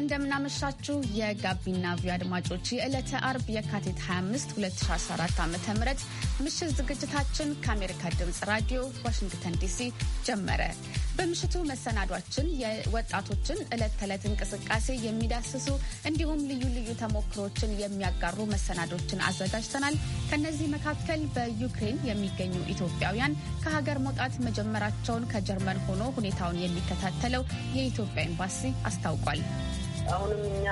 እንደምናመሻችሁ የጋቢና ቪ አድማጮች የዕለተ አርብ የካቲት 25 2014 ዓ ም ምሽት ዝግጅታችን ከአሜሪካ ድምፅ ራዲዮ ዋሽንግተን ዲሲ ጀመረ። በምሽቱ መሰናዷችን የወጣቶችን ዕለት ተዕለት እንቅስቃሴ የሚዳስሱ እንዲሁም ልዩ ልዩ ተሞክሮችን የሚያጋሩ መሰናዶችን አዘጋጅተናል። ከእነዚህ መካከል በዩክሬን የሚገኙ ኢትዮጵያውያን ከሀገር መውጣት መጀመራቸውን ከጀርመን ሆኖ ሁኔታውን የሚከታተለው የኢትዮጵያ ኤምባሲ አስታውቋል። አሁንም እኛ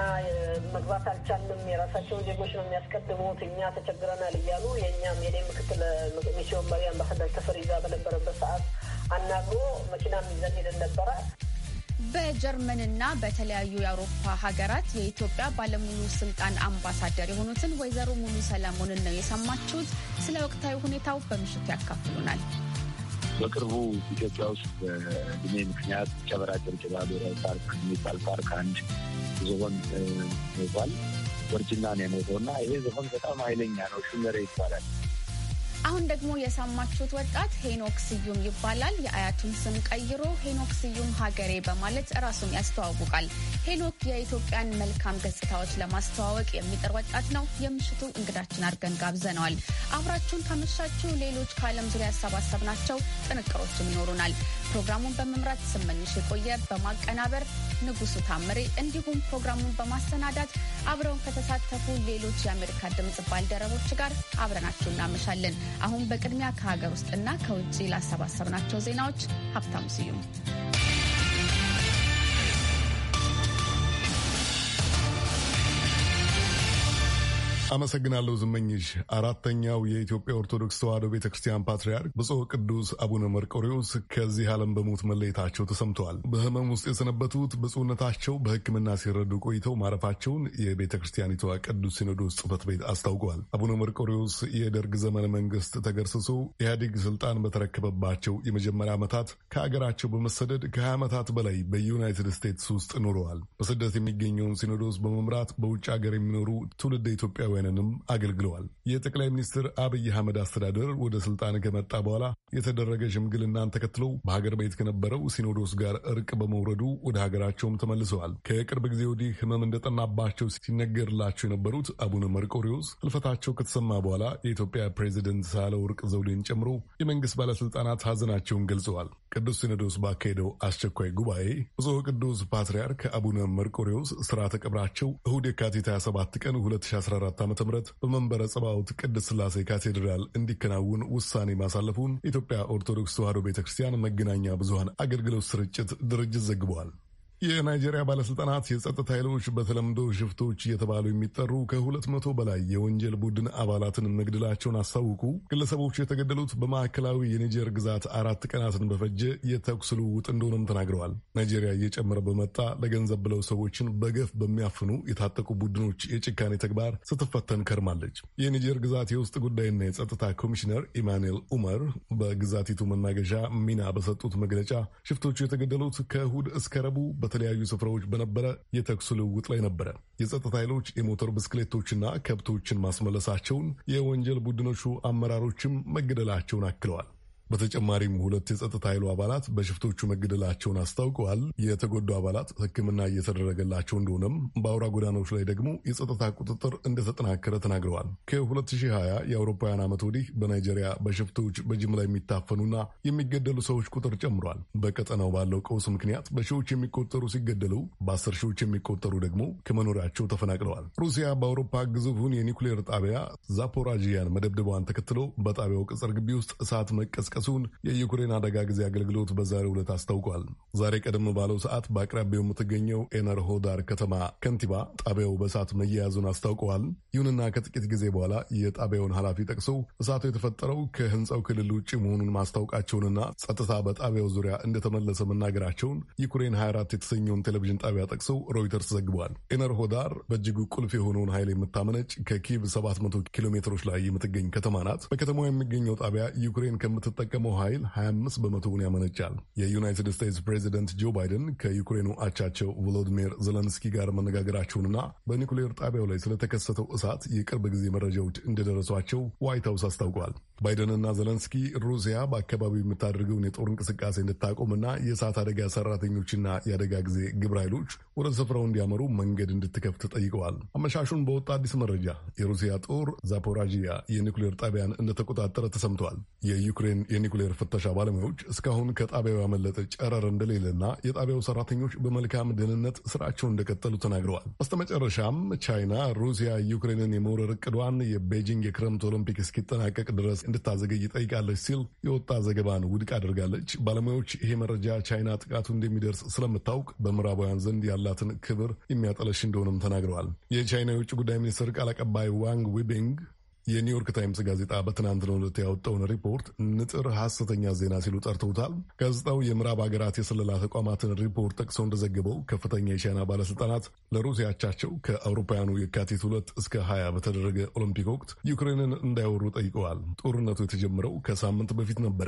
መግባት አልቻልንም፣ የራሳቸውን ዜጎች ነው የሚያስቀድሙት፣ እኛ ተቸግረናል እያሉ የእኛም የኔ ምክትል ሚስዮን መሪ አምባሳደር ተፈሪ ይዛ በነበረበት ሰዓት አናግሮ መኪና ይዘን ሄደን ነበረ። በጀርመንና በተለያዩ የአውሮፓ ሀገራት የኢትዮጵያ ባለሙሉ ስልጣን አምባሳደር የሆኑትን ወይዘሮ ሙሉ ሰለሞንን ነው የሰማችሁት። ስለ ወቅታዊ ሁኔታው በምሽቱ ያካፍሉናል። በቅርቡ ኢትዮጵያ ውስጥ በእድሜ ምክንያት ጨበራ ጭብጭባ ብሔራዊ ፓርክ የሚባል ፓርክ አንድ ዝሆን ሞቷል። ወርጅና ነው የሞተው እና ይሄ ዝሆን በጣም ኃይለኛ ነው። ሹመሬ ይባላል። አሁን ደግሞ የሰማችሁት ወጣት ሄኖክ ስዩም ይባላል። የአያቱን ስም ቀይሮ ሄኖክ ስዩም ሀገሬ በማለት ራሱን ያስተዋውቃል። ሄኖክ የኢትዮጵያን መልካም ገጽታዎች ለማስተዋወቅ የሚጥር ወጣት ነው። የምሽቱ እንግዳችን አድርገን ጋብዘነዋል። አብራችሁን ካመሻችሁ ሌሎች ከዓለም ዙሪያ ያሰባሰብናቸው ጥንቅሮችም ይኖሩናል። ፕሮግራሙን በመምራት ስመኝሽ የቆየ በማቀናበር ንጉሱ ታምሬ እንዲሁም ፕሮግራሙን በማሰናዳት አብረውን ከተሳተፉ ሌሎች የአሜሪካ ድምፅ ባልደረቦች ጋር አብረናችሁ እናመሻለን። አሁን በቅድሚያ ከሀገር ውስጥና ከውጭ ላሰባሰብናቸው ዜናዎች ሀብታሙ ስዩም አመሰግናለሁ ዝመኝሽ። አራተኛው የኢትዮጵያ ኦርቶዶክስ ተዋሕዶ ቤተ ክርስቲያን ፓትርያርክ ብፁዕ ቅዱስ አቡነ መርቆሪዎስ ከዚህ ዓለም በሞት መለየታቸው ተሰምተዋል። በሕመም ውስጥ የሰነበቱት ብፁዕነታቸው በሕክምና ሲረዱ ቆይተው ማረፋቸውን የቤተ ክርስቲያኒቷ ቅዱስ ሲኖዶስ ጽሕፈት ቤት አስታውቀዋል። አቡነ መርቆሪዎስ የደርግ ዘመነ መንግስት ተገርስሶ ኢህአዴግ ስልጣን በተረከበባቸው የመጀመሪያ ዓመታት ከአገራቸው በመሰደድ ከ20 ዓመታት በላይ በዩናይትድ ስቴትስ ውስጥ ኖረዋል። በስደት የሚገኘውን ሲኖዶስ በመምራት በውጭ ሀገር የሚኖሩ ትውልደ ኢትዮጵያውያን ኢትዮጵያውያንንም አገልግለዋል። የጠቅላይ ሚኒስትር አብይ አህመድ አስተዳደር ወደ ስልጣን ከመጣ በኋላ የተደረገ ሽምግልናን ተከትሎ በሀገር ቤት ከነበረው ሲኖዶስ ጋር እርቅ በመውረዱ ወደ ሀገራቸውም ተመልሰዋል። ከቅርብ ጊዜ ወዲህ ህመም እንደጠናባቸው ሲነገርላቸው የነበሩት አቡነ መርቆሪዎስ ህልፈታቸው ከተሰማ በኋላ የኢትዮጵያ ፕሬዚደንት ሳህለወርቅ ዘውዴን ጨምሮ የመንግስት ባለስልጣናት ሀዘናቸውን ገልጸዋል። ቅዱስ ሲኖዶስ ባካሄደው አስቸኳይ ጉባኤ ብፁዕ ቅዱስ ፓትርያርክ አቡነ መርቆሪዎስ ስርዓተ ቀብራቸው እሁድ የካቲት 27 ቀን 2014 ም በመንበረ ጸባዖት ቅድስት ሥላሴ ካቴድራል እንዲከናውን ውሳኔ ማሳለፉን ኢትዮጵያ ኦርቶዶክስ ተዋሕዶ ቤተ ክርስቲያን መገናኛ ብዙሃን አገልግሎት ስርጭት ድርጅት ዘግቧል። የናይጄሪያ ባለስልጣናት የጸጥታ ኃይሎች በተለምዶ ሽፍቶች እየተባሉ የሚጠሩ ከሁለት መቶ በላይ የወንጀል ቡድን አባላትን መግደላቸውን አስታውቁ። ግለሰቦቹ የተገደሉት በማዕከላዊ የኒጀር ግዛት አራት ቀናትን በፈጀ የተኩስ ልውውጥ እንደሆነም ተናግረዋል። ናይጄሪያ እየጨመረ በመጣ ለገንዘብ ብለው ሰዎችን በገፍ በሚያፍኑ የታጠቁ ቡድኖች የጭካኔ ተግባር ስትፈተን ከርማለች። የኒጀር ግዛት የውስጥ ጉዳይና የጸጥታ ኮሚሽነር ኢማኑኤል ኡመር በግዛቲቱ መናገሻ ሚና በሰጡት መግለጫ ሽፍቶቹ የተገደሉት ከእሁድ እስከ ረቡዕ በተለያዩ ስፍራዎች በነበረ የተኩስ ልውውጥ ላይ ነበረ። የጸጥታ ኃይሎች የሞተር ብስክሌቶችና ከብቶችን ማስመለሳቸውን፣ የወንጀል ቡድኖቹ አመራሮችም መገደላቸውን አክለዋል። በተጨማሪም ሁለት የጸጥታ ኃይሉ አባላት በሽፍቶቹ መገደላቸውን አስታውቀዋል። የተጎዱ አባላት ሕክምና እየተደረገላቸው እንደሆነም በአውራ ጎዳናዎች ላይ ደግሞ የጸጥታ ቁጥጥር እንደተጠናከረ ተናግረዋል። ከ2020 የአውሮፓውያን ዓመት ወዲህ በናይጄሪያ በሽፍቶች በጅምላ የሚታፈኑና የሚገደሉ ሰዎች ቁጥር ጨምሯል። በቀጠናው ባለው ቀውስ ምክንያት በሺዎች የሚቆጠሩ ሲገደሉ፣ በአስር ሺዎች የሚቆጠሩ ደግሞ ከመኖሪያቸው ተፈናቅለዋል። ሩሲያ በአውሮፓ ግዙፉን የኒውክሌር ጣቢያ ዛፖራጂያን መደብደቧን ተከትሎ በጣቢያው ቅጽር ግቢ ውስጥ እሳት መቀስቀ መቀስቀሱን የዩክሬን አደጋ ጊዜ አገልግሎት በዛሬው ዕለት አስታውቋል። ዛሬ ቀደም ባለው ሰዓት በአቅራቢያው የምትገኘው ኤነርሆዳር ከተማ ከንቲባ ጣቢያው በእሳት መያያዙን አስታውቀዋል። ይሁንና ከጥቂት ጊዜ በኋላ የጣቢያውን ኃላፊ ጠቅሰው እሳቱ የተፈጠረው ከህንፃው ክልል ውጭ መሆኑን ማስታወቃቸውንና ጸጥታ በጣቢያው ዙሪያ እንደተመለሰ መናገራቸውን ዩክሬን 24 የተሰኘውን ቴሌቪዥን ጣቢያ ጠቅሰው ሮይተርስ ዘግቧል። ኤነርሆዳር በእጅጉ ቁልፍ የሆነውን ኃይል የምታመነጭ ከኪቭ 700 ኪሎ ሜትሮች ላይ የምትገኝ ከተማ ናት። በከተማዋ የሚገኘው ጣቢያ ዩክሬን ከምትጠ የሚጠቀመው ኃይል 25 በመቶውን ያመነጫል። የዩናይትድ ስቴትስ ፕሬዚደንት ጆ ባይደን ከዩክሬኑ አቻቸው ቮሎዲሚር ዘለንስኪ ጋር መነጋገራቸውንና በኒኩሌር ጣቢያው ላይ ስለተከሰተው እሳት የቅርብ ጊዜ መረጃዎች እንደደረሷቸው ዋይት ሀውስ አስታውቋል። ባይደንና ዘለንስኪ ሩሲያ በአካባቢው የምታደርገውን የጦር እንቅስቃሴ እንድታቆምና የእሳት አደጋ ሰራተኞችና የአደጋ ጊዜ ግብረ ኃይሎች ወደ ስፍራው እንዲያመሩ መንገድ እንድትከፍት ጠይቀዋል። አመሻሹን በወጣ አዲስ መረጃ የሩሲያ ጦር ዛፖራዥያ የኒኩሌር ጣቢያን እንደተቆጣጠረ ተሰምተዋል። የዩክሬን የኒኩሌር ፍተሻ ባለሙያዎች እስካሁን ከጣቢያው ያመለጠ ጨረር እንደሌለና የጣቢያው ሰራተኞች በመልካም ደህንነት ስራቸውን እንደቀጠሉ ተናግረዋል። በስተመጨረሻም ቻይና ሩሲያ ዩክሬንን የመውረር እቅዷን የቤጂንግ የክረምት ኦሎምፒክ እስኪጠናቀቅ ድረስ እንድታዘገይ ጠይቃለች ሲል የወጣ ዘገባን ውድቅ አድርጋለች። ባለሙያዎች ይሄ መረጃ ቻይና ጥቃቱ እንደሚደርስ ስለምታውቅ በምዕራባውያን ዘንድ ያላትን ክብር የሚያጠለሽ እንደሆነም ተናግረዋል። የቻይና የውጭ ጉዳይ ሚኒስትር ቃል አቀባይ ዋንግ ዊቢንግ የኒውዮርክ ታይምስ ጋዜጣ በትናንትናው ዕለት ያወጣውን ሪፖርት ንጥር ሐሰተኛ ዜና ሲሉ ጠርተውታል። ጋዜጣው የምዕራብ ሀገራት የስለላ ተቋማትን ሪፖርት ጠቅሰው እንደዘገበው ከፍተኛ የቻይና ባለስልጣናት ለሩሲያቻቸው ከአውሮፓውያኑ የካቲት ሁለት እስከ ሀያ በተደረገ ኦሎምፒክ ወቅት ዩክሬንን እንዳይወሩ ጠይቀዋል። ጦርነቱ የተጀመረው ከሳምንት በፊት ነበረ።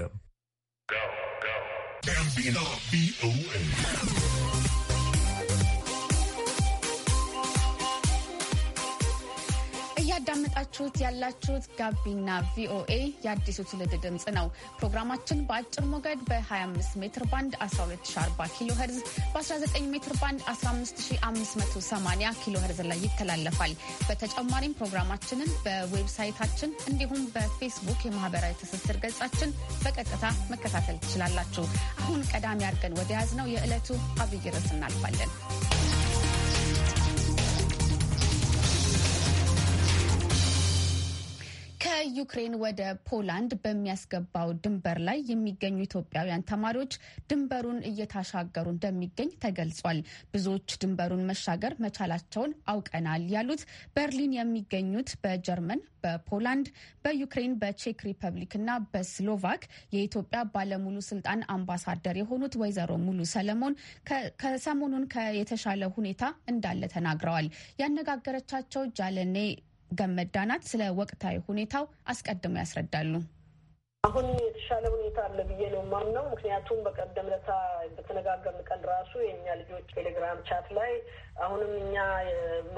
እያዳመጣችሁት ያላችሁት ጋቢና ቪኦኤ የአዲሱ ትውልድ ድምፅ ነው። ፕሮግራማችን በአጭር ሞገድ በ25 ሜትር ባንድ 1240 ኪሎ ሄርዝ፣ በ19 ሜትር ባንድ 15580 ኪሎ ሄርዝ ላይ ይተላለፋል። በተጨማሪም ፕሮግራማችንን በዌብሳይታችን እንዲሁም በፌስቡክ የማህበራዊ ትስስር ገጻችን በቀጥታ መከታተል ትችላላችሁ። አሁን ቀዳሚ አድርገን ወደ ያዝ ነው የዕለቱ አብይ ርዕስ እናልፋለን። ከዩክሬን ወደ ፖላንድ በሚያስገባው ድንበር ላይ የሚገኙ ኢትዮጵያውያን ተማሪዎች ድንበሩን እየተሻገሩ እንደሚገኝ ተገልጿል። ብዙዎች ድንበሩን መሻገር መቻላቸውን አውቀናል ያሉት በርሊን የሚገኙት በጀርመን፣ በፖላንድ፣ በዩክሬን፣ በቼክ ሪፐብሊክ እና በስሎቫክ የኢትዮጵያ ባለሙሉ ስልጣን አምባሳደር የሆኑት ወይዘሮ ሙሉ ሰለሞን ከሰሞኑን የተሻለ ሁኔታ እንዳለ ተናግረዋል። ያነጋገረቻቸው ጃለኔ ገመዳ ናት። ስለ ወቅታዊ ሁኔታው አስቀድሞ ያስረዳሉ። አሁን የተሻለ ሁኔታ አለ ብዬ ነው ነው ምክንያቱም በቀደም ለታ በተነጋገርን ቀን ራሱ የእኛ ልጆች ቴሌግራም ቻት ላይ አሁንም እኛ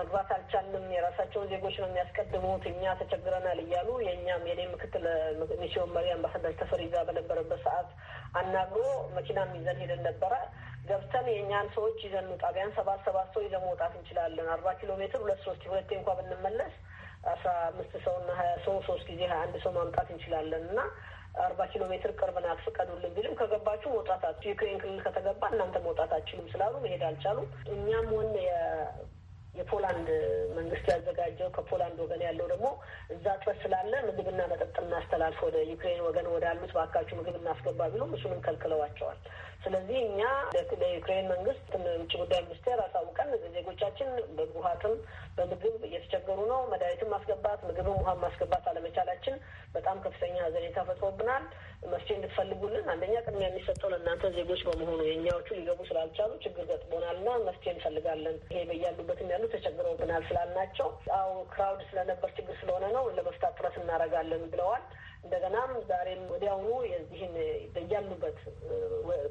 መግባት አልቻልንም፣ የራሳቸውን ዜጎች ነው የሚያስቀድሙት፣ እኛ ተቸግረናል እያሉ የእኛም የኔ ምክትል ሚስዮን መሪ አምባሳደር ተፈሪዛ በነበረበት ሰዓት አናግሮ መኪናም ይዘን ሄደን ነበረ ገብተን የእኛን ሰዎች ይዘን ጣቢያን ሰባት ሰባት ሰው ይዘን መውጣት እንችላለን፣ አርባ ኪሎ ሜትር ሁለት ሶስት ሁለቴ እንኳ ብንመለስ አስራ አምስት ሰው እና ሀያ ሰው ሶስት ጊዜ ሀያ አንድ ሰው ማምጣት እንችላለን እና አርባ ኪሎ ሜትር ቅርብ ናት ፍቀዱልን ቢልም ከገባችሁ መውጣት ዩክሬን ክልል ከተገባ እናንተ መውጣት አችሉም ስላሉ መሄድ አልቻሉም። እኛም ሆነ የፖላንድ መንግስት ያዘጋጀው ከፖላንድ ወገን ያለው ደግሞ እዛ ጥረት ስላለ ምግብና መጠጥ እናስተላልፍ ወደ ዩክሬን ወገን ወዳሉት በአካቸው ምግብ እናስገባ ቢሉም እሱንም ከልክለዋቸዋል። ስለዚህ እኛ ለዩክሬን መንግስት ውጭ ጉዳይ ሚኒስቴር አሳውቀን ዜጎቻችን በጉሀትም በምግብ እየተቸገሩ ነው። መድኃኒትም ማስገባት ምግብም ውሀ ማስገባት አለመቻላችን በጣም ከፍተኛ ሀዘኔታ ፈጥሮብናል። መፍትሄ እንድትፈልጉልን አንደኛ ቅድሚያ የሚሰጠው ለእናንተ ዜጎች በመሆኑ የእኛዎቹ ሊገቡ ስላልቻሉ ችግር ገጥሞናልና መፍትሄ እንፈልጋለን። ይሄ በያሉበት ያለ ያሉ ተቸግረውብናል ስላልናቸው አው ክራውድ ስለነበር ችግር ስለሆነ ነው ለመፍታት ጥረት እናደርጋለን ብለዋል። እንደገናም ዛሬም ወዲያውኑ የዚህን በያሉበት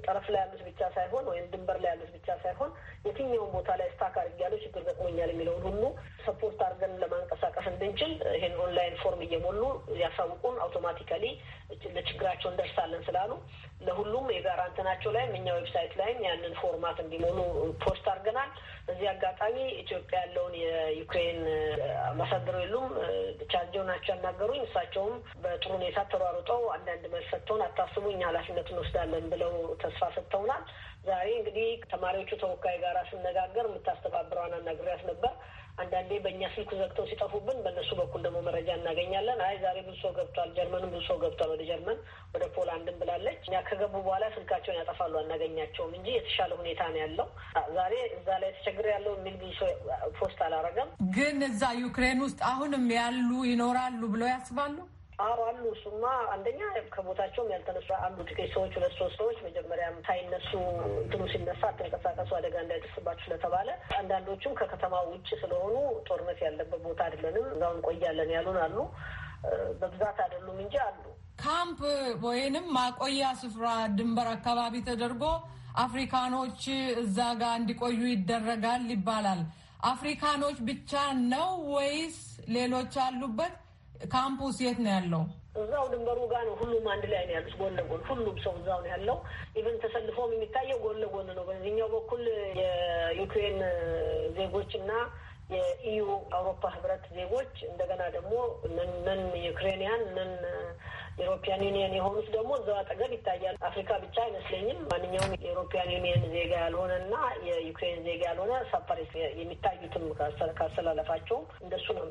ጠረፍ ላይ ያሉት ብቻ ሳይሆን ወይም ድንበር ላይ ያሉት ብቻ ሳይሆን የትኛውን ቦታ ላይ ስታክ አድርጌያለሁ ችግር ገጥሞኛል የሚለውን ሁሉ ሰፖርት አድርገን ለማንቀሳቀስ እንድንችል ይህን ኦንላይን ፎርም እየሞሉ ያሳውቁን፣ አውቶማቲካሊ ለችግራቸው እንደርሳለን ስላሉ ለሁሉም የጋራ እንትናቸው ላይም እኛ ዌብሳይት ላይም ያንን ፎርማት እንዲሞሉ ፖስት አድርገናል። እዚህ አጋጣሚ ኢትዮጵያ ያለውን የዩክሬን አምባሳደሩ የሉም ቻርጀው ናቸው ያናገሩኝ። እሳቸውም በጥሩ ሁኔታ ተሯሩጠው አንዳንድ መልስ ሰጥተውን አታስቡ፣ እኛ ኃላፊነቱን እንወስዳለን ብለው ተስፋ ሰጥተውናል። ዛሬ እንግዲህ ተማሪዎቹ ተወካይ ጋራ ስነጋገር የምታስተባብረዋን አናግሪያት ነበር። አንዳንዴ በእኛ ስልክ ዘግተው ሲጠፉብን በእነሱ በኩል ደግሞ መረጃ እናገኛለን። አይ ዛሬ ብዙ ሰው ገብቷል፣ ጀርመንም ብዙ ሰው ገብቷል፣ ወደ ጀርመን ወደ ፖላንድን ብላለች። እኛ ከገቡ በኋላ ስልካቸውን ያጠፋሉ፣ አናገኛቸውም እንጂ የተሻለ ሁኔታ ነው ያለው። ዛሬ እዛ ላይ ተቸግር ያለው የሚል ብዙ ሰው ፖስት አላረገም። ግን እዛ ዩክሬን ውስጥ አሁንም ያሉ ይኖራሉ ብለው ያስባሉ። አዎ አሉ። እሱማ አንደኛ ከቦታቸውም ያልተነሱ አሉ። ጥቂት ሰዎች፣ ሁለት ሶስት ሰዎች መጀመሪያም ሳይነሱ እንትኑ ሲነሳ አትንቀሳቀሱ አደጋ እንዳይደርስባችሁ ስለተባለ አንዳንዶቹም ከከተማ ውጭ ስለሆኑ ጦርነት ያለበት ቦታ አይደለንም እዛው እንቆያለን ያሉን አሉ። በብዛት አይደሉም እንጂ አሉ። ካምፕ ወይንም ማቆያ ስፍራ ድንበር አካባቢ ተደርጎ አፍሪካኖች እዛ ጋር እንዲቆዩ ይደረጋል ይባላል። አፍሪካኖች ብቻ ነው ወይስ ሌሎች አሉበት? ካምፑስ የት ነው ያለው? እዛው ድንበሩ ጋር ነው። ሁሉም አንድ ላይ ነው ያሉት፣ ጎን ለጎን ሁሉም ሰው እዛው ነው ያለው። ኢቨን ተሰልፎም የሚታየው ጎን ለጎን ነው። በዚህኛው በኩል የዩክሬን ዜጎች እና የኢዩ አውሮፓ ህብረት ዜጎች እንደገና ደግሞ ምን ዩክሬንያን ምን የኢሮፒያን ዩኒየን የሆኑት ደግሞ እዛው አጠገብ ይታያል። አፍሪካ ብቻ አይመስለኝም። ማንኛውም የኢሮፒያን ዩኒየን ዜጋ ያልሆነ እና የዩክሬን ዜጋ ያልሆነ ሰፓሬት የሚታዩትም ካስተላለፋቸውም እንደሱ ነው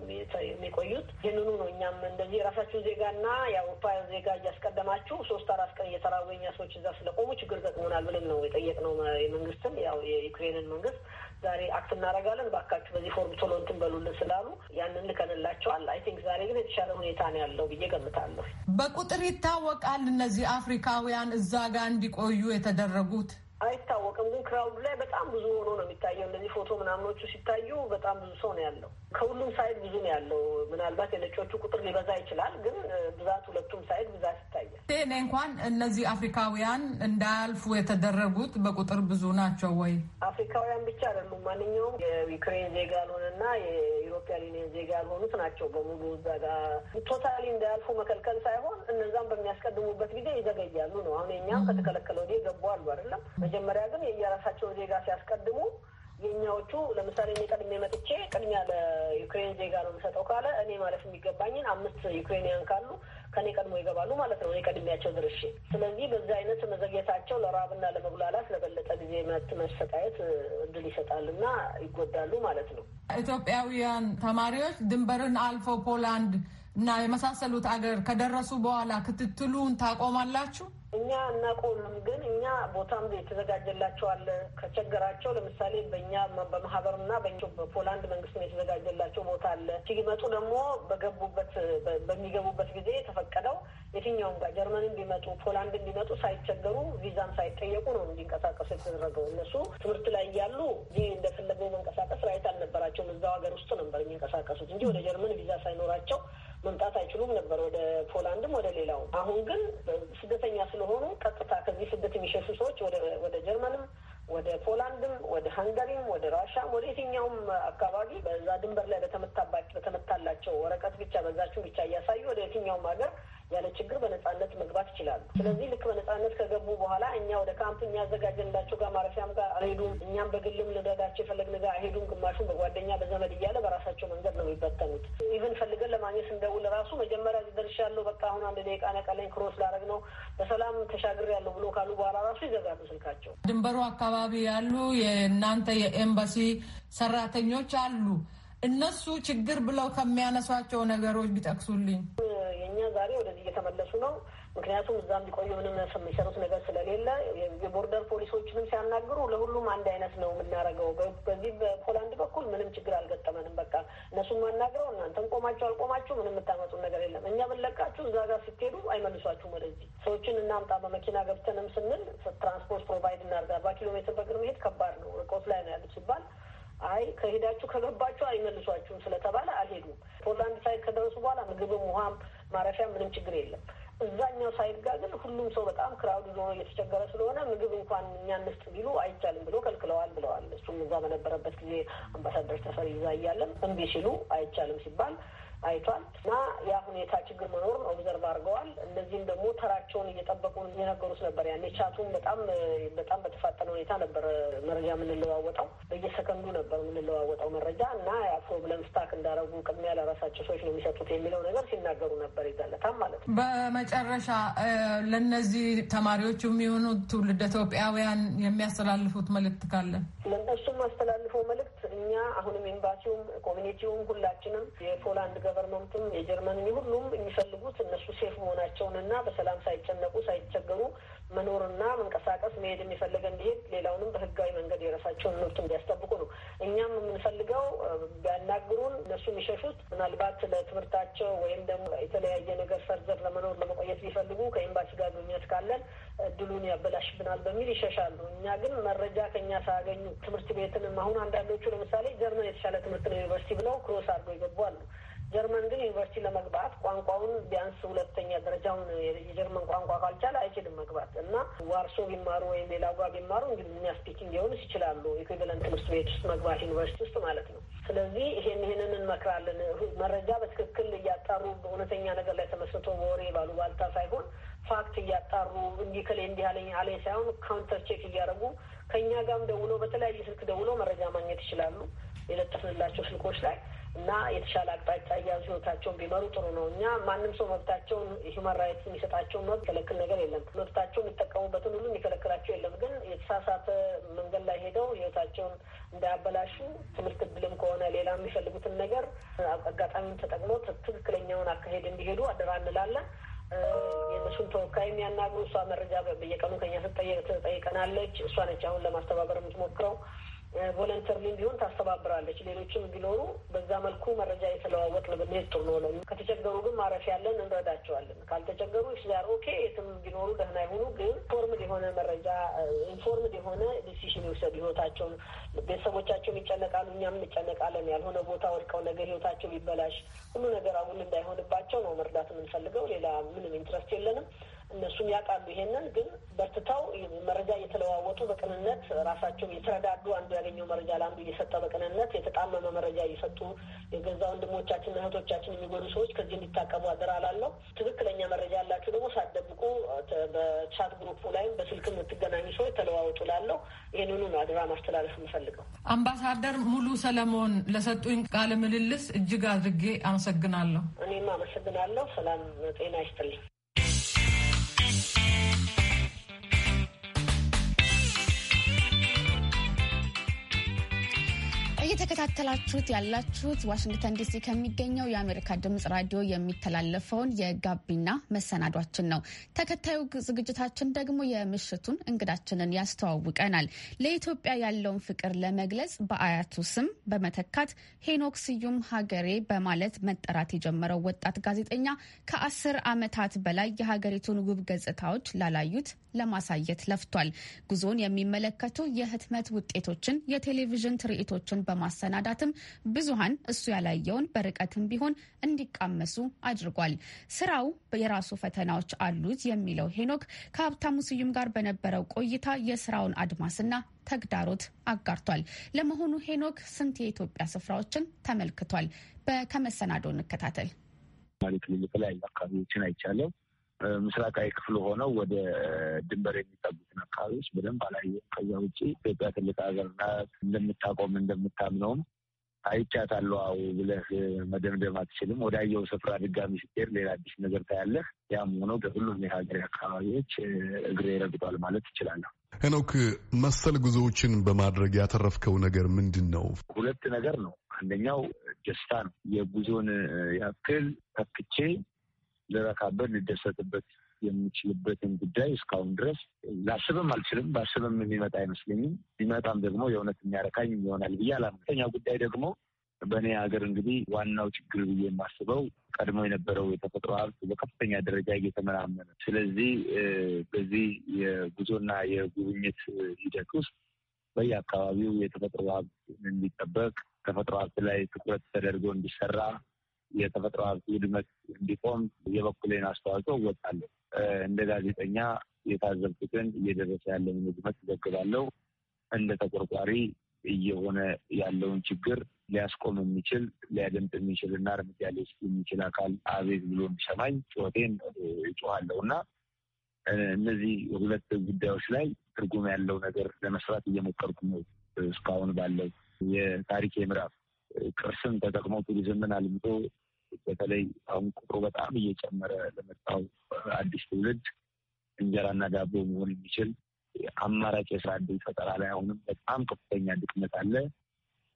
የሚቆዩት። ይህንኑ ነው እኛም እንደዚህ የራሳችሁ ዜጋና የአውሮፓ ዜጋ እያስቀደማችሁ ሶስት አራት ቀን እየተራወኛ ሰዎች እዛ ስለቆሙ ችግር ገጥሞናል ብለን ነው የጠየቅነው። የመንግስትን ያው የዩክሬንን መንግስት ዛሬ አክት እናደርጋለን ባካችሁ በዚህ ፎርም ቶሎ እንትን በሉልን ስላሉ ያንን ልከንላቸዋል። አይ ቲንክ ዛሬ ግን የተሻለ ሁኔታ ነው ያለው ብዬ ገምታለሁ። በቁጥር ይታወቃል እነዚህ አፍሪካውያን እዛ ጋር እንዲቆዩ የተደረጉት አይታወቅም፣ ግን ክራውዱ ላይ በጣም ብዙ ሆኖ ነው የሚታየው። እነዚህ ፎቶ ምናምኖቹ ሲታዩ በጣም ብዙ ሰው ነው ያለው። ከሁሉም ሳይድ ብዙ ነው ያለው። ምናልባት የነጮቹ ቁጥር ሊበዛ ይችላል፣ ግን ብዛት ሁለቱም ሳይድ ብዛት ይታያል። እኔ እንኳን እነዚህ አፍሪካውያን እንዳያልፉ የተደረጉት በቁጥር ብዙ ናቸው ወይ? አፍሪካውያን ብቻ አይደሉም። ማንኛውም የዩክሬን ዜጋ ያልሆነና የኢሮፒያን ዩኒየን ዜጋ ያልሆኑት ናቸው በሙሉ እዛ ጋር ቶታሊ እንዳያልፉ መከልከል ሳይሆን እነዛም በሚያስቀድሙበት ጊዜ ይዘገያሉ ነው። አሁን የኛም ከተከለከለ ወዲህ ገቡ አሉ አይደለም። መጀመሪያ ግን የየራሳቸውን ዜጋ ሲያስቀድሙ የእኛዎቹ ለምሳሌ እኔ ቀድሜ መጥቼ ቅድሚያ ለዩክሬን ዜጋ ነው የምሰጠው ካለ እኔ ማለፍ የሚገባኝን አምስት ዩክሬንያን ካሉ ከእኔ ቀድሞ ይገባሉ ማለት ነው። እኔ ቀድሜያቸው ድርሼ። ስለዚህ በዚህ አይነት መዘግየታቸው ለራብና ለመጉላላት ለበለጠ ጊዜ መብት መሰቃየት እድል ይሰጣልና ይጎዳሉ ማለት ነው። ኢትዮጵያውያን ተማሪዎች ድንበርን አልፎ ፖላንድ እና የመሳሰሉት አገር ከደረሱ በኋላ ክትትሉን ታቆማላችሁ? እኛ እናቆምም፣ ግን እኛ ቦታም የተዘጋጀላቸዋል። ከቸገራቸው ለምሳሌ በእኛ በማህበርና በፖላንድ መንግስት የተዘጋጀላቸው ቦታ አለ። ሲመጡ ደግሞ በገቡበት በሚገቡበት ጊዜ የተፈቀደው የትኛውም ጋር ጀርመንም ቢመጡ ፖላንድን ቢመጡ ሳይቸገሩ ቪዛም ሳይጠየቁ ነው እንዲንቀሳቀሱ የተደረገው። እነሱ ትምህርት ላይ እያሉ ይህ እንደፈለገው መንቀሳቀስ ራይት አልነበራቸውም። እዛው ሀገር ውስጥ ነበር የሚንቀሳቀሱት እንጂ ወደ ጀርመን ቪዛ ሳይኖራቸው መምጣት አይችሉም ነበር ወደ ፖላንድም ወደ ሌላው። አሁን ግን ስደተኛ ስለሆኑ ቀጥታ ከዚህ ስደት የሚሸሹ ሰዎች ወደ ጀርመንም ወደ ፖላንድም ወደ ሃንጋሪም ወደ ራሻም ወደ የትኛውም አካባቢ በዛ ድንበር ላይ በተመታላቸው ወረቀት ብቻ በዛችሁ ብቻ እያሳዩ ወደ የትኛውም ሀገር ያለ ችግር በነጻነት መግባት ይችላሉ። ስለዚህ ልክ በነጻነት ከገቡ በኋላ እኛ ወደ ካምፕ እኛ ጋር ማረፊያም ጋር አልሄዱም። እኛም በግልም ልንረዳቸው የፈለግን ጋር አይሄዱም። ግማሹን በጓደኛ በዘመድ እያለ በራሳቸው መንገድ ነው የሚበተኑት። ኢቨን ፈልገን ለማግኘት ስንደውል ራሱ መጀመሪያ ደርሻለሁ፣ በቃ አሁን አንድ ደቂቃ ነቀለኝ፣ ክሮስ ላረግ ነው፣ በሰላም ያለው ብሎ ካሉ በኋላ ራሱ ይዘጋሉ ስልካቸው። ድንበሩ አካባቢ ያሉ የእናንተ የኤምባሲ ሰራተኞች አሉ እነሱ ችግር ብለው ከሚያነሷቸው ነገሮች ቢጠቅሱልኝ። የእኛ ዛሬ ወደዚህ እየተመለሱ ነው። ምክንያቱም እዛም ቢቆዩ ምንም የሚሰሩት ነገር ስለሌለ የቦርደር ፖሊሶችንም ሲያናግሩ ለሁሉም አንድ አይነት ነው የምናደርገው። በዚህ በፖላንድ በኩል ምንም ችግር አልገጠመንም። በቃ እነሱ ማናግረው እናንተም ቆማችሁ አልቆማችሁ ምንም የምታመጡ ነገር የለም። እኛ ብንለቃችሁ እዛ ጋር ስትሄዱ አይመልሷችሁም። ወደዚህ ሰዎችን እናምጣ በመኪና ገብተንም ስንል ትራንስፖርት ፕሮቫይድ እናድርግ። አርባ ኪሎ ሜትር በእግር መሄድ ከባድ ነው። ርቆት ላይ ነው ያሉት ሲባል አይ ከሄዳችሁ ከገባችሁ አይመልሷችሁም ስለተባለ አልሄዱም። ፖላንድ ሳይድ ከደረሱ በኋላ ምግብም ውሃም ማረፊያ ምንም ችግር የለም። እዛኛው ሳይድ ጋር ግን ሁሉም ሰው በጣም ክራውድ ሆኖ እየተቸገረ ስለሆነ ምግብ እንኳን እኛ ንስጥ ቢሉ አይቻልም ብሎ ከልክለዋል ብለዋል። እሱም እዛ በነበረበት ጊዜ አምባሳደር ተፈሪ ይዛ እያለም እምቢ ሲሉ አይቻልም ሲባል አይቷል እና ያ ሁኔታ ችግር መኖሩን ኦብዘርቭ አድርገዋል። እነዚህም ደግሞ ተራቸውን እየጠበቁ የነገሩት ነበር። ያኔ ቻቱን በጣም በጣም በተፋጠነ ሁኔታ ነበር መረጃ የምንለዋወጠው። በየሰከንዱ ነበር የምንለዋወጠው መረጃ እና ያ ፕሮብለም ስታክ እንዳረጉ ቅድሚያ ለራሳቸው ሰዎች ነው የሚሰጡት የሚለው ነገር ሲናገሩ ነበር። ይዛለታም ማለት ነው። በመጨረሻ ለእነዚህ ተማሪዎች የሚሆኑ ትውልደ ኢትዮጵያውያን የሚያስተላልፉት መልእክት ካለ ለእነሱም አስተላልፈው መልእክት እኛ አሁንም ኤምባሲውም ኮሚኒቲውም ሁላችንም የፖላንድ ገቨርንመንትም የጀርመንም ሁሉም የሚፈልጉት እነሱ ሴፍ መሆናቸውንና በሰላም ሳይጨነቁ ሳይቸገሩ መኖርና መንቀሳቀስ መሄድ የሚፈለገ እንዲሄድ ሌላውንም በህጋዊ መንገድ የራሳቸውን መብት እንዲያስጠብቁ ነው። እኛም የምንፈልገው ቢያናግሩን እነሱ የሚሸሹት ምናልባት ለትምህርታቸው ወይም ደግሞ የተለያየ ነገር ፈርዘር ለመኖር ለመቆየት ቢፈልጉ ከኤምባሲ ጋር ግንኙነት ካለን እድሉን ያበላሽብናል በሚል ይሸሻሉ። እኛ ግን መረጃ ከኛ ሳያገኙ ትምህርት ቤትንም አሁን አንዳንዶቹ ለምሳሌ ጀርመን የተሻለ ትምህርት ነው ዩኒቨርሲቲ ብለው ክሮስ አድርገው ይገቡ አሉ። ጀርመን ግን ዩኒቨርሲቲ ለመግባት ቋንቋውን ቢያንስ ሁለተኛ ደረጃውን የጀርመን ቋንቋ ካልቻለ አይችልም መግባት እና ዋርሶ ቢማሩ ወይም ሌላ ጓ ቢማሩ እንግሊዝኛ ስፒኪንግ ሊሆንስ ይችላሉ። ኢኩቪለንት ትምህርት ቤት ውስጥ መግባት ዩኒቨርሲቲ ውስጥ ማለት ነው። ስለዚህ ይሄን ይሄንን እንመክራለን። መረጃ በትክክል እያጣሩ በእውነተኛ ነገር ላይ ተመስርቶ በወሬ ባልታ ሳይሆን ፋክት እያጣሩ እንዲህ ከሌ እንዲህ አለኝ አለኝ ሳይሆን ካውንተር ቼክ እያደረጉ ከእኛ ጋርም ደውሎ በተለያየ ስልክ ደውሎ መረጃ ማግኘት ይችላሉ የለጠፍንላቸው ስልኮች ላይ እና የተሻለ አቅጣጫ እያዙ ህይወታቸውን ቢመሩ ጥሩ ነው። እኛ ማንም ሰው መብታቸውን ሂውማን ራይት የሚሰጣቸውን መብት የሚከለክል ነገር የለም። መብታቸውን የሚጠቀሙበትን ሁሉ የሚከለክላቸው የለም። ግን የተሳሳተ መንገድ ላይ ሄደው ህይወታቸውን እንዳያበላሹ ትምህርት እድልም ከሆነ ሌላ የሚፈልጉትን ነገር አጋጣሚውን ተጠቅሞ ትክክለኛውን አካሄድ እንዲሄዱ አደራ እንላለን። የእነሱን ተወካይ የሚያናግሩ እሷ መረጃ በየቀኑ ከኛ ትጠይቀናለች እሷ ነች አሁን ለማስተባበር የምትሞክረው ቮለንተርሊ ቢሆን ታስተባብራለች። ሌሎችም ቢኖሩ በዛ መልኩ መረጃ የተለዋወጥ ብንሄድ ጥሩ ነው ነው። ከተቸገሩ ግን ማረፊያ ያለን እንረዳቸዋለን። ካልተቸገሩ ዛር ኦኬ፣ የትም ቢኖሩ ደህና ይሆኑ። ግን ኢንፎርምድ የሆነ መረጃ ኢንፎርምድ የሆነ ዲሲሽን ይውሰድ። ህይወታቸውን ቤተሰቦቻቸውም ይጨነቃሉ፣ እኛም እንጨነቃለን። ያልሆነ ቦታ ወድቀው ነገር ህይወታቸው ቢበላሽ ሁሉ ነገር አሁን እንዳይሆንባቸው ነው መርዳት የምንፈልገው። ሌላ ምንም ኢንትረስት የለንም። እነሱም ያውቃሉ ይሄንን። ግን በርትተው መረጃ እየተለዋወጡ በቅንነት ራሳቸው እየተረዳዱ አንዱ ያገኘው መረጃ ለአንዱ እየሰጠ በቅንነት የተጣመመ መረጃ እየሰጡ የገዛ ወንድሞቻችን እህቶቻችን የሚጎዱ ሰዎች ከዚህ እንዲታቀቡ አደራ አላለው። ትክክለኛ መረጃ ያላችሁ ደግሞ ሳትደብቁ በቻት ግሩፕ ላይም በስልክ የምትገናኙ ሰዎች ተለዋወጡ ላለው ይህንኑ ነው አደራ ማስተላለፍ የምፈልገው። አምባሳደር ሙሉ ሰለሞን ለሰጡኝ ቃለ ምልልስ እጅግ አድርጌ አመሰግናለሁ። እኔም አመሰግናለሁ። ሰላም ጤና ይስጥልኝ። እየተከታተላችሁት ያላችሁት ዋሽንግተን ዲሲ ከሚገኘው የአሜሪካ ድምጽ ራዲዮ የሚተላለፈውን የጋቢና መሰናዷችን ነው። ተከታዩ ዝግጅታችን ደግሞ የምሽቱን እንግዳችንን ያስተዋውቀናል። ለኢትዮጵያ ያለውን ፍቅር ለመግለጽ በአያቱ ስም በመተካት ሄኖክ ስዩም ሀገሬ በማለት መጠራት የጀመረው ወጣት ጋዜጠኛ ከአስር ዓመታት በላይ የሀገሪቱን ውብ ገጽታዎች ላላዩት ለማሳየት ለፍቷል። ጉዞን የሚመለከቱ የህትመት ውጤቶችን፣ የቴሌቪዥን ትርኢቶችን በ በማሰናዳትም ብዙሀን እሱ ያላየውን በርቀትም ቢሆን እንዲቃመሱ አድርጓል። ስራው የራሱ ፈተናዎች አሉት የሚለው ሄኖክ ከሀብታሙ ስዩም ጋር በነበረው ቆይታ የስራውን አድማስና ተግዳሮት አጋርቷል። ለመሆኑ ሄኖክ ስንት የኢትዮጵያ ስፍራዎችን ተመልክቷል? ከመሰናዶ እንከታተል። ማለት የተለያዩ አካባቢዎችን አይቻለው ምስራቃዊ ክፍል ሆነው ወደ ድንበር የሚጠጉትን አካባቢዎች በደንብ አላየሁም። ከዛ ውጭ ኢትዮጵያ ትልቅ ሀገር ናት፣ እንደምታቆም እንደምታምነውም አይቻታለሁ ብለህ መደምደም አትችልም። ወዳየው ስፍራ ድጋሚ ስትሄድ ሌላ አዲስ ነገር ታያለህ። ያም ሆኖ በሁሉም የሀገሬ አካባቢዎች እግሬ ረግጧል ማለት ትችላለሁ። ሄኖክ፣ መሰል ጉዞዎችን በማድረግ ያተረፍከው ነገር ምንድን ነው? ሁለት ነገር ነው። አንደኛው ደስታ ነው። የጉዞን ያክል ተክቼ ልረካበት ልደሰትበት የምችልበትን ጉዳይ እስካሁን ድረስ ላስብም አልችልም። ባስብም የሚመጣ አይመስለኝም። ቢመጣም ደግሞ የእውነት የሚያረካኝ ይሆናል ብዬ አላምንም። ጉዳይ ደግሞ በእኔ ሀገር እንግዲህ ዋናው ችግር ብዬ የማስበው ቀድሞ የነበረው የተፈጥሮ ሀብት በከፍተኛ ደረጃ እየተመናመነ፣ ስለዚህ በዚህ የጉዞና የጉብኝት ሂደት ውስጥ በየአካባቢው የተፈጥሮ ሀብት እንዲጠበቅ ተፈጥሮ ሀብት ላይ ትኩረት ተደርጎ እንዲሰራ የተፈጥሮ ሀብት ውድመት እንዲቆም የበኩሌን አስተዋጽኦ እወጣለሁ። እንደ ጋዜጠኛ የታዘብኩትን እየደረሰ ያለውን ውድመት እዘግባለሁ። እንደ ተቆርቋሪ እየሆነ ያለውን ችግር ሊያስቆም የሚችል ሊያደምጥ የሚችል እና እርምጃ ሊወስድ የሚችል አካል አቤት ብሎ እንዲሰማኝ ጩኸቴን እጮኋለሁ እና እነዚህ ሁለት ጉዳዮች ላይ ትርጉም ያለው ነገር ለመስራት እየሞከርኩ ነው። እስካሁን ባለው የታሪክ ምዕራፍ ቅርስን ተጠቅሞ ቱሪዝምን አልምቶ በተለይ አሁን ቁጥሩ በጣም እየጨመረ ለመጣው አዲስ ትውልድ እንጀራና ዳቦ መሆን የሚችል አማራጭ የስራ እድል ፈጠራ ላይ አሁንም በጣም ከፍተኛ ድክመት አለ።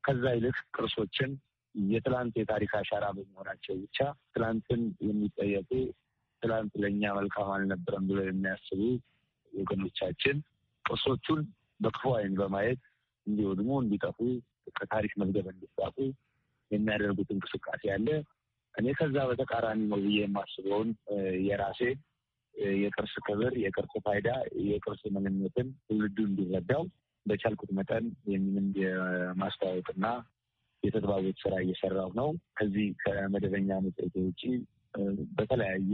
ከዛ ይልቅ ቅርሶችን የትላንት የታሪክ አሻራ በመሆናቸው ብቻ ትላንትን የሚጠየቁ ትላንት ለእኛ መልካም አልነበረም ብለው የሚያስቡ ወገኖቻችን ቅርሶቹን በክፉ ዓይን በማየት እንዲወድሙ እንዲጠፉ ከታሪክ መዝገብ እንዲጻፉ የሚያደርጉት እንቅስቃሴ አለ። እኔ ከዛ በተቃራኒ ነው ብዬ የማስበውን የራሴ የቅርስ ክብር፣ የቅርስ ፋይዳ፣ የቅርስ ምንነትን ትውልዱ እንዲረዳው በቻልኩት መጠን ይህንን የማስተዋወቅና የተግባቦት ስራ እየሰራው ነው። ከዚህ ከመደበኛ መጽሔት ውጭ በተለያዩ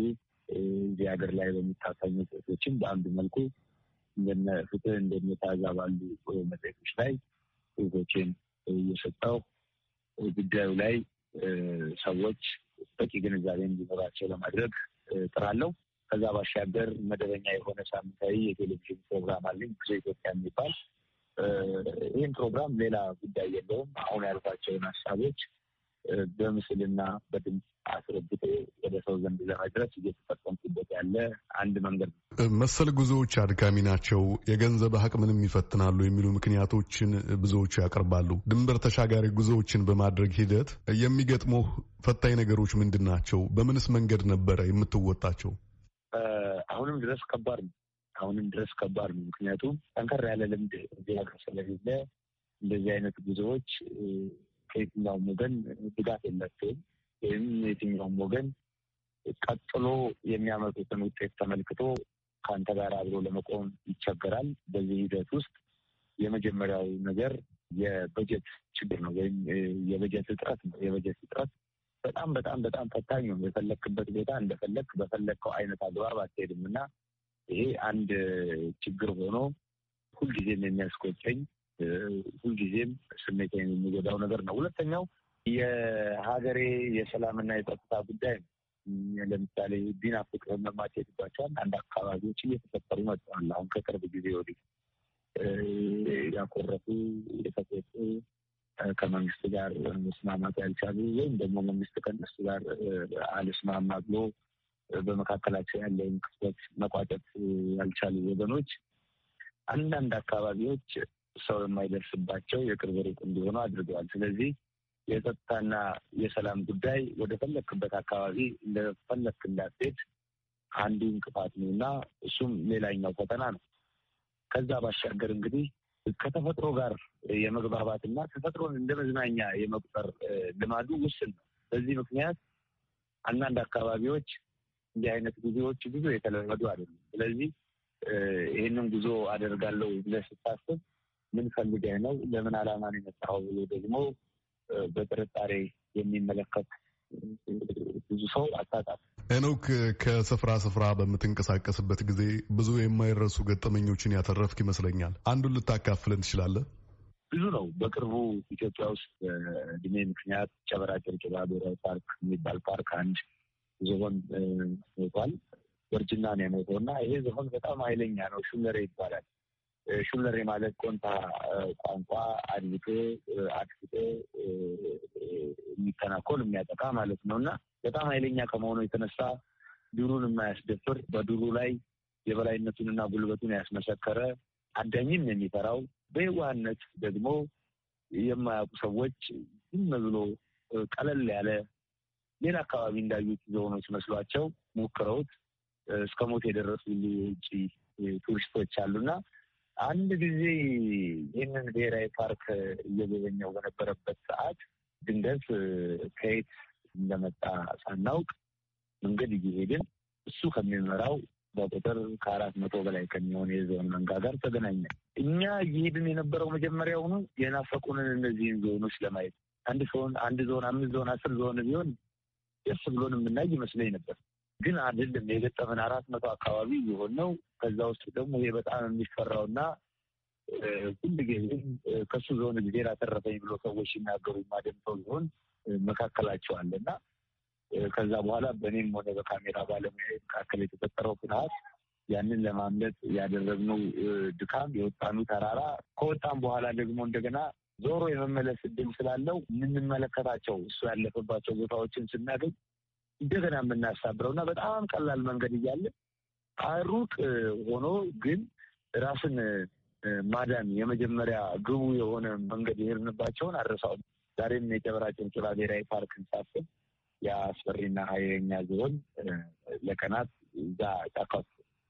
እዚህ ሀገር ላይ በሚታተሙ መጽሔቶችም በአንድ መልኩ እንደነ ፍትህ እንደነ ታዛ ባሉ መጽሔቶች ላይ ጽሁፎችን እየሰጠው ጉዳዩ ላይ ሰዎች በቂ ግንዛቤ እንዲኖራቸው ለማድረግ ጥራለሁ። ከዛ ባሻገር መደበኛ የሆነ ሳምንታዊ የቴሌቪዥን ፕሮግራም አለኝ ብዙ ኢትዮጵያ የሚባል። ይህም ፕሮግራም ሌላ ጉዳይ የለውም። አሁን ያልኳቸውን ሀሳቦች በምስልና በድምፅ አስረግጤ ወደ ሰው ዘንድ ለመድረስ እየተጠቀምኩበት ያለ አንድ መንገድ ነው። መሰል ጉዞዎች አድካሚ ናቸው፣ የገንዘብ አቅምንም ይፈትናሉ የሚሉ ምክንያቶችን ብዙዎቹ ያቀርባሉ። ድንበር ተሻጋሪ ጉዞዎችን በማድረግ ሂደት የሚገጥመው ፈታኝ ነገሮች ምንድን ናቸው? በምንስ መንገድ ነበረ የምትወጣቸው? አሁንም ድረስ ከባድ ነው። አሁንም ድረስ ከባድ ነው። ምክንያቱም ጠንከር ያለ ልምድ እዚህ ሀገር ስለሌለ እንደዚህ አይነት ጉዞዎች ከየትኛውም ወገን ጉዳት የላቸውም ወይም የትኛውም ወገን ቀጥሎ የሚያመጡትን ውጤት ተመልክቶ ከአንተ ጋር አብሮ ለመቆም ይቸገራል። በዚህ ሂደት ውስጥ የመጀመሪያው ነገር የበጀት ችግር ነው ወይም የበጀት እጥረት ነው። የበጀት እጥረት በጣም በጣም በጣም ፈታኝ ነው። የፈለግክበት ቦታ እንደፈለክ በፈለግከው አይነት አግባብ አትሄድም እና ይሄ አንድ ችግር ሆኖ ሁልጊዜም የሚያስቆጨኝ ሁልጊዜም ስሜት የሚጎዳው ነገር ነው። ሁለተኛው የሀገሬ የሰላምና የጸጥታ ጉዳይ ነው። ለምሳሌ ዲና ፍቅር መማቸትባቸው አንዳንድ አካባቢዎች እየተፈጠሩ መጥተዋል። አሁን ከቅርብ ጊዜ ወዲህ ያኮረፉ የተቆጡ ከመንግስት ጋር መስማማት ያልቻሉ ወይም ደግሞ መንግስት ከነሱ ጋር አልስማማ ብሎ በመካከላቸው ያለውን ክፍተት መቋጨት ያልቻሉ ወገኖች አንዳንድ አካባቢዎች ሰው የማይደርስባቸው የቅርብ ሩቅ እንዲሆኑ አድርገዋል። ስለዚህ የጸጥታና የሰላም ጉዳይ ወደ ፈለክበት አካባቢ እንደፈለክ እንዳትሄድ አንዱ እንቅፋት ነው እና እሱም ሌላኛው ፈተና ነው። ከዛ ባሻገር እንግዲህ ከተፈጥሮ ጋር የመግባባትና ተፈጥሮን እንደ መዝናኛ የመቁጠር ልማዱ ውስን ነው። በዚህ ምክንያት አንዳንድ አካባቢዎች እንዲህ አይነት ጉዞዎች ብዙ የተለመዱ አይደሉም። ስለዚህ ይህንን ጉዞ አደርጋለሁ ብለህ ስታስብ ምን ፈልገህ ነው፣ ለምን ዓላማ ነው የመጣው ብሎ ደግሞ በጥርጣሬ የሚመለከት ብዙ ሰው አታጣም። ሄኖክ፣ ከስፍራ ስፍራ በምትንቀሳቀስበት ጊዜ ብዙ የማይረሱ ገጠመኞችን ያተረፍክ ይመስለኛል። አንዱን ልታካፍለን ትችላለህ? ብዙ ነው። በቅርቡ ኢትዮጵያ ውስጥ እድሜ ምክንያት ጨበራ ጭርጭራ ብሔራዊ ፓርክ የሚባል ፓርክ አንድ ዝሆን ሞቷል። ወርጅና ነው የሞተው እና ይሄ ዝሆን በጣም ኃይለኛ ነው፣ ሹመሬ ይባላል። ሹለሬ ማለት ቆንታ ቋንቋ አድብቶ አድፍቶ የሚተናኮል የሚያጠቃ ማለት ነው እና በጣም ኃይለኛ ከመሆኑ የተነሳ ድሩን የማያስደፍር በድሩ ላይ የበላይነቱንና ጉልበቱን ያስመሰከረ አዳኝም የሚፈራው በየዋህነት ደግሞ የማያውቁ ሰዎች ዝም ብሎ ቀለል ያለ ሌላ አካባቢ እንዳዩት ዘሆኖች መስሏቸው ሞክረውት እስከ ሞት የደረሱ ውጭ ቱሪስቶች አሉና አንድ ጊዜ ይህንን ብሔራዊ ፓርክ እየጎበኘው በነበረበት ሰዓት ድንገት ከየት እንደመጣ ሳናውቅ መንገድ እየሄድን እሱ ከሚመራው በቁጥር ከአራት መቶ በላይ ከሚሆን የዞን መንጋ ጋር ተገናኘ። እኛ እየሄድን የነበረው መጀመሪያውኑ የናፈቁንን እነዚህን ዞኖች ለማየት አንድ ዞን አንድ ዞን አምስት ዞን አስር ዞን ቢሆን ደስ ብሎን የምናይ ይመስለኝ ነበር። ግን አይደለም የገጠመን አራት መቶ አካባቢ የሆን ነው። ከዛ ውስጥ ደግሞ ይሄ በጣም የሚፈራውና ሁል ጊዜም ከሱ ዞን ጊዜ ላተረፈኝ ብሎ ሰዎች ሲናገሩ ማደምጠው ሲሆን መካከላቸው አለ እና ከዛ በኋላ በእኔም ሆነ በካሜራ ባለሙያ መካከል የተፈጠረው ፍርሃት ያንን ለማምለጥ ያደረግነው ድካም የወጣኑ ተራራ ከወጣም በኋላ ደግሞ እንደገና ዞሮ የመመለስ እድል ስላለው የምንመለከታቸው እሱ ያለፈባቸው ቦታዎችን ስናገኝ እንደገና የምናሳብረው እና በጣም ቀላል መንገድ እያለ ሩቅ ሆኖ ግን ራስን ማዳን የመጀመሪያ ግቡ የሆነ መንገድ የሄድንባቸውን አድረሰው ዛሬም የጨበራ ጭንጭላ ብሔራዊ ፓርክን እንሳፍን የአስፈሪና ሀይለኛ ዝሆን ለቀናት እዛ ጫካ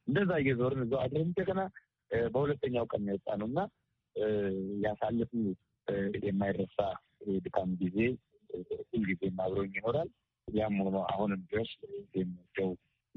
እንደዛ እየዞርን እዛው አድረን እንደገና በሁለተኛው ቀን የወጣ ነው እና ያሳልፍ የማይረሳ የድካም ጊዜ ሁልጊዜ አብሮኝ ይኖራል። ያም ሆኖ አሁንም ድረስ የሚወደው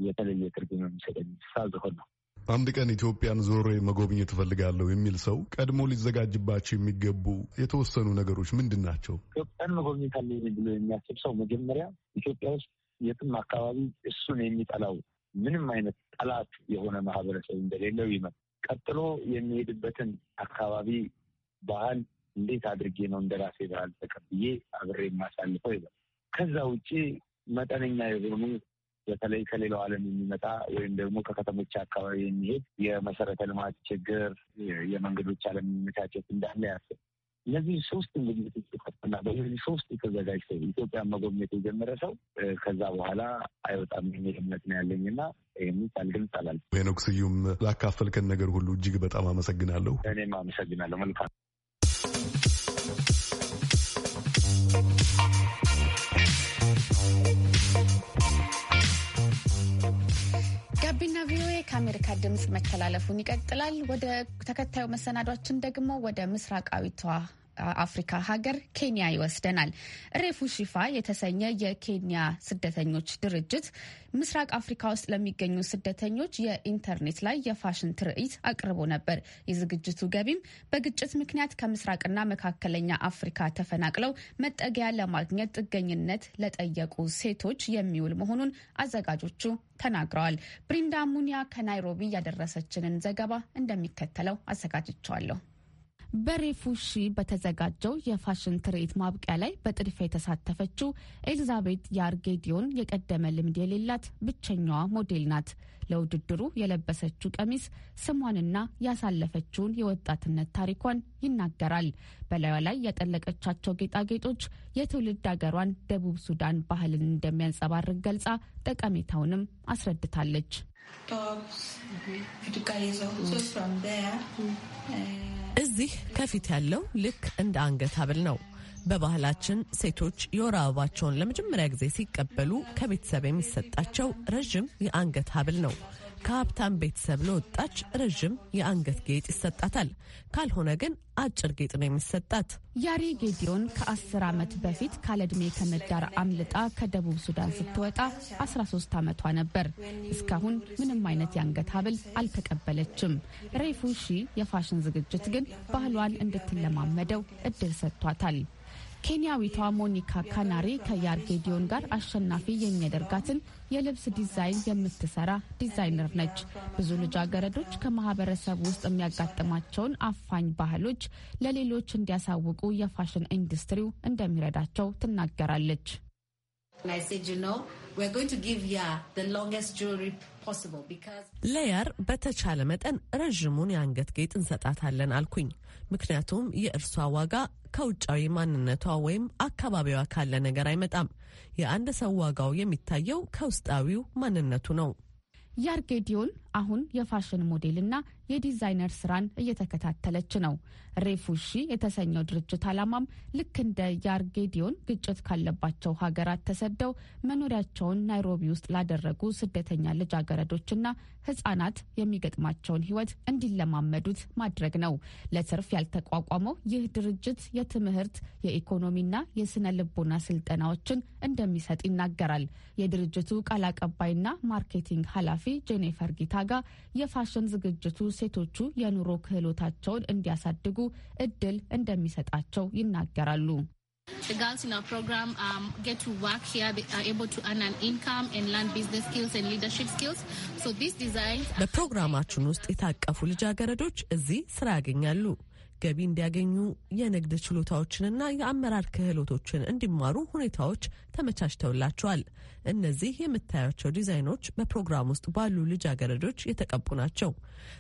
የተለየ ትርጉም የሚሰጠኝ እንስሳ ዝሆን ነው። አንድ ቀን ኢትዮጵያን ዞሬ መጎብኘት እፈልጋለሁ የሚል ሰው ቀድሞ ሊዘጋጅባቸው የሚገቡ የተወሰኑ ነገሮች ምንድን ናቸው? ኢትዮጵያን መጎብኘት አለ ብሎ የሚያስብ ሰው መጀመሪያ ኢትዮጵያ ውስጥ የትም አካባቢ እሱን የሚጠላው ምንም አይነት ጠላት የሆነ ማህበረሰብ እንደሌለው ይመን ቀጥሎ የሚሄድበትን አካባቢ ባህል እንዴት አድርጌ ነው እንደራሴ ባህል ተቀብዬ አብሬ የማሳልፈው ይበል ከዛ ውጭ መጠነኛ የሆኑ በተለይ ከሌላው ዓለም የሚመጣ ወይም ደግሞ ከከተሞች አካባቢ የሚሄድ የመሰረተ ልማት ችግር፣ የመንገዶች አለመመቻቸት እንዳለ ያስብ። እነዚህ ሶስት እንግዲህ እና በዚህ ሶስት ተዘጋጅተ ኢትዮጵያ መጎብኘት የጀመረ ሰው ከዛ በኋላ አይወጣም የሚል እምነት ነው ያለኝ እና ይህም ግልጽ አላል። ሄኖክ ስዩም ላካፈልከን ነገር ሁሉ እጅግ በጣም አመሰግናለሁ። እኔም አመሰግናለሁ። መልካም ቪኦኤ ከአሜሪካ ድምፅ መተላለፉን ይቀጥላል። ወደ ተከታዩ መሰናዷችን ደግሞ ወደ ምስራቃዊቷ አፍሪካ ሀገር ኬንያ ይወስደናል። ሬፉ ሺፋ የተሰኘ የኬንያ ስደተኞች ድርጅት ምስራቅ አፍሪካ ውስጥ ለሚገኙ ስደተኞች የኢንተርኔት ላይ የፋሽን ትርኢት አቅርቦ ነበር። የዝግጅቱ ገቢም በግጭት ምክንያት ከምስራቅና መካከለኛ አፍሪካ ተፈናቅለው መጠጊያ ለማግኘት ጥገኝነት ለጠየቁ ሴቶች የሚውል መሆኑን አዘጋጆቹ ተናግረዋል። ብሪንዳ ሙኒያ ከናይሮቢ ያደረሰችንን ዘገባ እንደሚከተለው አዘጋጅቸዋለሁ። በሬፉሺ በተዘጋጀው የፋሽን ትርኢት ማብቂያ ላይ በጥድፊያ የተሳተፈችው ኤልዛቤት የአርጌዲዮን የቀደመ ልምድ የሌላት ብቸኛዋ ሞዴል ናት። ለውድድሩ የለበሰችው ቀሚስ ስሟንና ያሳለፈችውን የወጣትነት ታሪኳን ይናገራል። በላዩ ላይ ያጠለቀቻቸው ጌጣጌጦች የትውልድ ሀገሯን ደቡብ ሱዳን ባህልን እንደሚያንጸባርቅ ገልጻ ጠቀሜታውንም አስረድታለች። እዚህ ከፊት ያለው ልክ እንደ አንገት ሀብል ነው። በባህላችን ሴቶች የወር አበባቸውን ለመጀመሪያ ጊዜ ሲቀበሉ ከቤተሰብ የሚሰጣቸው ረዥም የአንገት ሀብል ነው። ከሀብታም ቤተሰብ ለወጣች ረዥም የአንገት ጌጥ ይሰጣታል። ካልሆነ ግን አጭር ጌጥ ነው የሚሰጣት። ያሬ ጌዲዮን ከአስር ዓመት በፊት ካለዕድሜ ከመዳር አምልጣ ከደቡብ ሱዳን ስትወጣ 13 ዓመቷ ነበር። እስካሁን ምንም አይነት የአንገት ሀብል አልተቀበለችም። ሬፉሺ የፋሽን ዝግጅት ግን ባህሏን እንድትለማመደው እድል ሰጥቷታል። ኬንያዊቷ ሞኒካ ካናሪ ከያርጌዲዮን ጋር አሸናፊ የሚያደርጋትን የልብስ ዲዛይን የምትሰራ ዲዛይነር ነች። ብዙ ልጃገረዶች ከማህበረሰብ ውስጥ የሚያጋጥማቸውን አፋኝ ባህሎች ለሌሎች እንዲያሳውቁ የፋሽን ኢንዱስትሪው እንደሚረዳቸው ትናገራለች። ለያር በተቻለ መጠን ረዥሙን የአንገት ጌጥ እንሰጣታለን አልኩኝ። ምክንያቱም የእርሷ ዋጋ ከውጫዊ ማንነቷ ወይም አካባቢዋ ካለ ነገር አይመጣም። የአንድ ሰው ዋጋው የሚታየው ከውስጣዊው ማንነቱ ነው። ያር አሁን የፋሽን ሞዴልና የዲዛይነር ስራን እየተከታተለች ነው። ሬፉሺ የተሰኘው ድርጅት ዓላማም ልክ እንደ ያርጌዲዮን ግጭት ካለባቸው ሀገራት ተሰደው መኖሪያቸውን ናይሮቢ ውስጥ ላደረጉ ስደተኛ ልጃገረዶችና ህጻናት የሚገጥማቸውን ህይወት እንዲለማመዱት ማድረግ ነው። ለትርፍ ያልተቋቋመው ይህ ድርጅት የትምህርት የኢኮኖሚና የስነ ልቦና ስልጠናዎችን እንደሚሰጥ ይናገራል። የድርጅቱ ቃል አቀባይና ማርኬቲንግ ኃላፊ ጄኔፈር ጊታ ጋር የፋሽን ዝግጅቱ ሴቶቹ የኑሮ ክህሎታቸውን እንዲያሳድጉ እድል እንደሚሰጣቸው ይናገራሉ። በፕሮግራማችን ውስጥ የታቀፉ ልጃገረዶች እዚህ ስራ ያገኛሉ። ገቢ እንዲያገኙ የንግድ ችሎታዎችንና የአመራር ክህሎቶችን እንዲማሩ ሁኔታዎች ተመቻችተውላቸዋል። እነዚህ የምታያቸው ዲዛይኖች በፕሮግራም ውስጥ ባሉ ልጃገረዶች የተቀቡ ናቸው።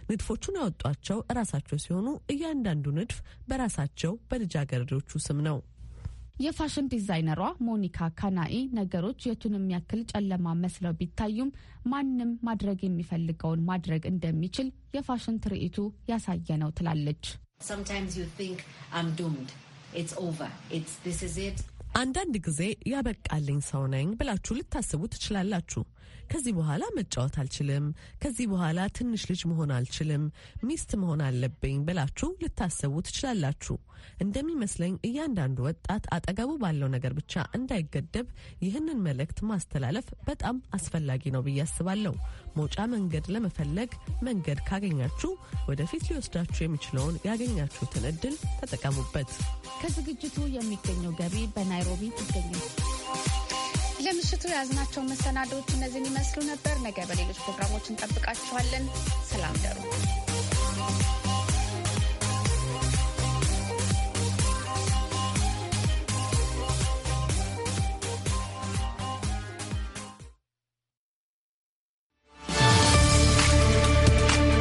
ንድፎቹን ያወጧቸው እራሳቸው ሲሆኑ እያንዳንዱ ንድፍ በራሳቸው በልጃገረዶቹ ስም ነው። የፋሽን ዲዛይነሯ ሞኒካ ካናኢ ነገሮች የቱንም ያክል ጨለማ መስለው ቢታዩም ማንም ማድረግ የሚፈልገውን ማድረግ እንደሚችል የፋሽን ትርኢቱ ያሳየ ነው ትላለች። አንዳንድ ጊዜ ያበቃልኝ ሰው ነኝ ብላችሁ ልታስቡ ትችላላችሁ። ከዚህ በኋላ መጫወት አልችልም፣ ከዚህ በኋላ ትንሽ ልጅ መሆን አልችልም፣ ሚስት መሆን አለብኝ ብላችሁ ልታሰቡ ትችላላችሁ። እንደሚመስለኝ እያንዳንዱ ወጣት አጠገቡ ባለው ነገር ብቻ እንዳይገደብ ይህንን መልእክት ማስተላለፍ በጣም አስፈላጊ ነው ብዬ አስባለሁ። መውጫ መንገድ ለመፈለግ መንገድ ካገኛችሁ ወደፊት ሊወስዳችሁ የሚችለውን ያገኛችሁትን እድል ተጠቀሙበት። ከዝግጅቱ የሚገኘው ገቢ በናይሮቢ ይገኛል። ለምሽቱ ያዝናቸው መሰናዶዎች እነዚህን ይመስሉ ነበር። ነገ በሌሎች ፕሮግራሞች እንጠብቃችኋለን። ሰላም ደሩ።